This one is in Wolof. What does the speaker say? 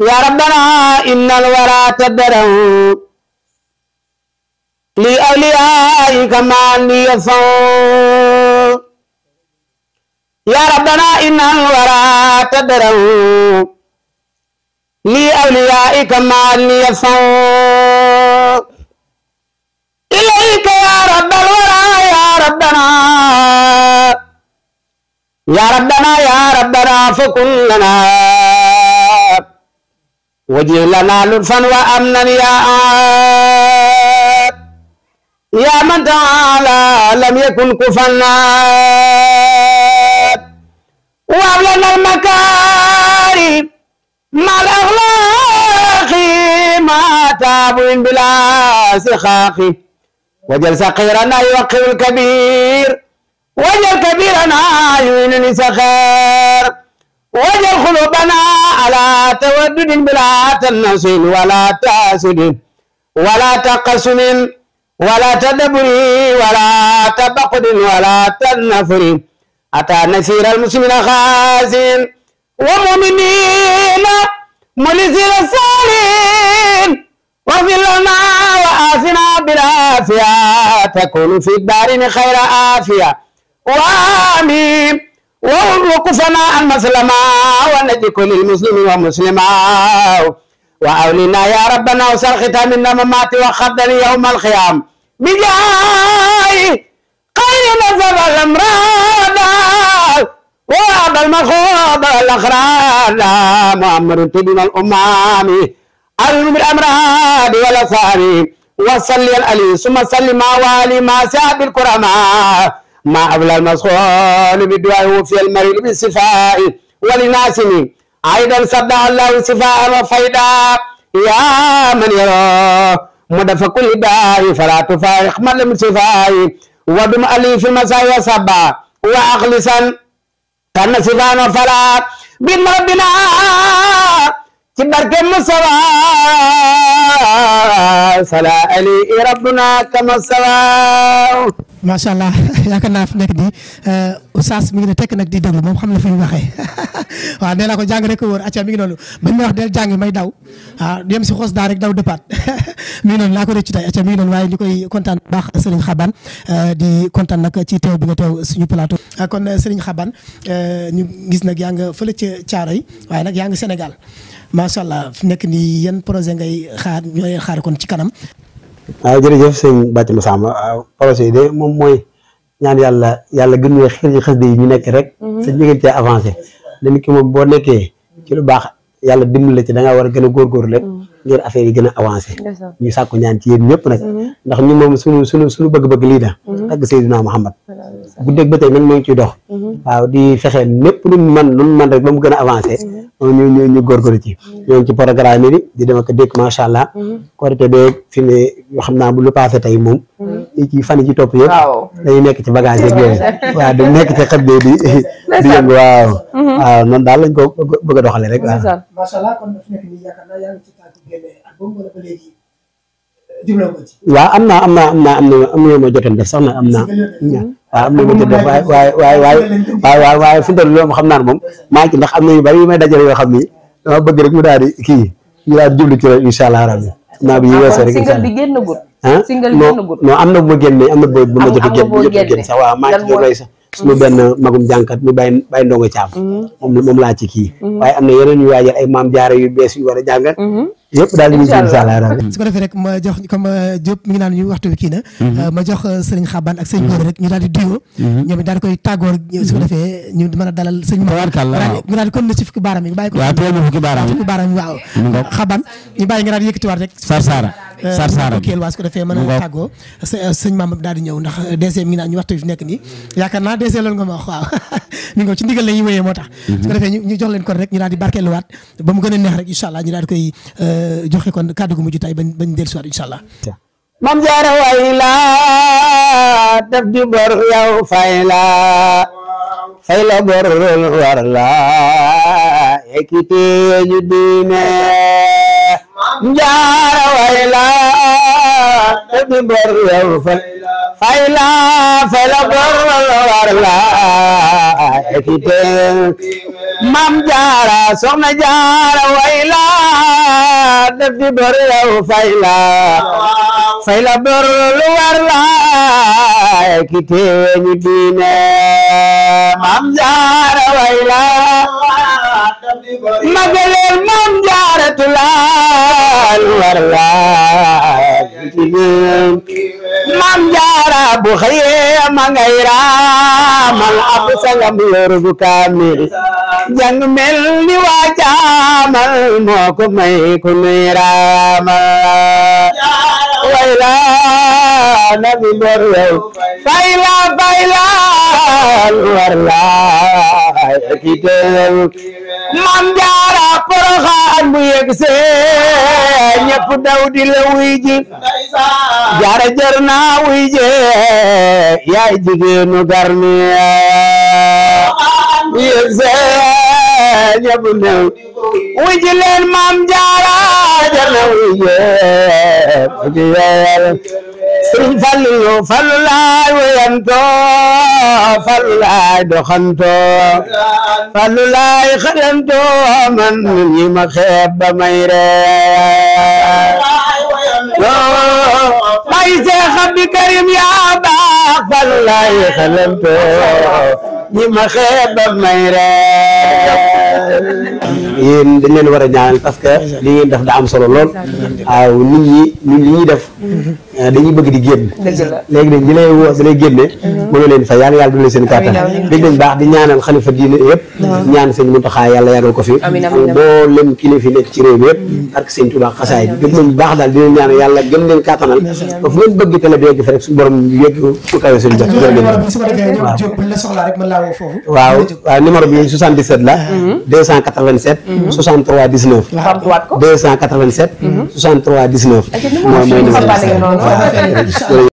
يا ربنا إن الورى تبرا لأوليائك عليك ما لي يصوم يا ربنا إن الورى تدروا لي أوليائك ما لي يصوم إليك يا رب الورى يا ربنا يا ربنا يا ربنا فكن لنا وجه لنا لطفا وأمنا يا آه تعالى لم يكن كفنا أحد وأبلغنا المكارم ما الأخلاق ما تاب بلا سخاخ وجل سقيرنا يوقف الكبير وجل كبيرنا يعينني سخر وجل خلوبنا على تودد بلا تنصل ولا تاسد ولا تقسم ولا تدبري ولا تبقد ولا تنفري أتى نسير المسلمين خازن ومؤمنين ملزل الصالين وفي لنا وآسنا بالعافية تكون في الدارين خير آفية وآمين وهم وقفنا عن مسلما ونجي كل المسلم ومسلما وأولنا يا ربنا وسر ختام النممات وخدني يوم الخيام بجاي قيل زبا الأمراض وعد المخوض الأخراد مؤمر من الأمام أعلم بالأمراض والأثاري وصلي الألي ثم صلي ما والي ما ساب الكرماء ما أولى المسخول بدعائه في المريض بالصفاء ولناسني aidan sabda Allah sifaa wa faida ya man yara mudafa kulli da'i fala tufariq man lam sifai wa dum alif masaya sabba wa akhlisan kana sifaa wa fala bin rabbina ci barke musawa sala ali rabbuna kama sawa masha allah ya naa fnek di oustaz mu ngi ne tekk nag di déglu moom xam na fi waxee waaw nee ko jàng rek wóor acca mi ngi noonu bañ ma wax del jàng may daw waaw yem si xos daa rek daw dëppaat mi ngi noonu laa ko rëcc tey acca mi ngi noonu waaye ñu koy kontaan bu baax Serigne Xaban euh, di kontaan nag ci teew bi nga teew suñu plateau ah, kon euh, Serigne Xaban euh, ñu gis nag yaa nga fële ca yi waaye nag yaa ngi Sénégal macha allah nekk nii yan projet ngay xaar ñoo leen xaar kon ci kanam waaw ah, jërëjëf sëñ Bathie Massamba ah, projet yi moom mooy ñaan yàlla yàlla gën ñoo xir ñi xas yi ñu nekk rek mhm. sa jigéen avancé dañ ki moom boo nekkee ci lu baax yàlla dimbali ci da war a gën a góorgóorlu rek mhm. ngir affaire yi gën a avancé ñu sàkku ñaan ci yéen ñëpp nag mhm. ndax ñu moom suñu suñu suñu bëgg-bëgg lii da tagg Seydina Muhammad guddeeg ba tey nag moo ngi ciy dox waaw di fexe népp lu mu man lu mu man rek ba mu gën a avancé ñu ñu ñu góorgóorlu ci mm-hmm. ñoo ci programme bi di dem ko dëkk macha allah. Mm-hmm. korité beeg fi mu ne xam naa bu lu paase tey moom. Mm-hmm. ci fan yi ci topp nekk ci bagage yeeg yooyu. waaw nekk ci xel bi di di waaw. waaw noonu daal lañ ko bëgg a doxalee rek. waaw am naa am naa am naa am na am na ma jotoon def sax na am naa waaw am na ma jot def waaye waaye waaye waaye waaye waaye fi mu toll am na yu bari yu may dajale yoo xam ni dama bëgg mu daal di kii ñu daal di jublu ci rek incha allah rabbi bi yu weesoo rek incha allah ah, ah non non am na bu ma génnee am na booy bu ma jot a génn a génn sax waaw maa ngi ci doon roy sax suñu mm. benn magum jànkat mi bàyyi bàyyi ndongo caam mm. moom moom laa ci kii mm. waaye am na yeneen yu waajal ay maam jaare yu bees yu war a jàngat mm-hmm. yëpp daal di nuyu incha allah su ko defee rek ma jox comme Diop mhm. jox euh, sëriñ Xaban ak sëriñ Góor rek ñu daal di duyoo. Mhm. ñoom daal koy tàggoor. su ko defee ñu a a tàggoo. sëñ euh, euh, mhm. jox leen kon rek ñu daal di barkeeluwaat ba mu gën a neex rek incha allah ñu daal koy Euh, joxe kon kàddu gu mujj tay bañ bañ dellusiwaat incha allah. mam jaara way la def di bor yow fay la fay la bor war la ekite ñu diine jaara way la def di bor yow fay fay la fay la bor war la ekite mam jaara soxna jaara way tëb di bor yow fay la fay la bor lu war la ki teewe ñu diine maam jaara way la magaleel maam jaara tu la lu war la ki teewe maam jaara bu xëyee ma ngay raamal ab sangam yor bu kaamil jàng mel ni waa jaamal moo ko may ku nuy raamal wayla na mi lor yow fayla fayla warla kiteel mam jaara poroxaan bu yegsee ñepp daw di la wuy ji jaara jar na wuy jigéenu Garnier bu yegsee ñepp new wuy ji leen mam jaara jalaw yépp ci fallu laay wéyanto fallu laay doxanto man ñi ma ba may reer bay Seex Karim yaa fallu laay xaranto ñi ma ba may yéen dañ leen war a ñaanal parce que li ngeen def da am solo lool waaw nit ñuy def mm-hmm. Euh, dañuy bëgg di génn léegi nag ñi lay woo da lay génne mhm. mënu leen fa yaan yàlla dundal seen kàttan dégg nañ baax di ñaanal xalifa diine yëpp mhm. ñaan sëñ Muntaxa yàlla yàggal ko fi boo leen kilifa yi nekk ci réew mi yëpp mhm. ak sëñ Tuubaa xasaay bi baax daal dinañ ñaan yàlla gën leen kàttanal ba fu ngeen bëgg télé bi yegg fa rek su borom yegg fu kawe suñu jot waaw waaw waaw numéro bi 77 la 287 63 19 287 63 19 mooy mooy numéro five years.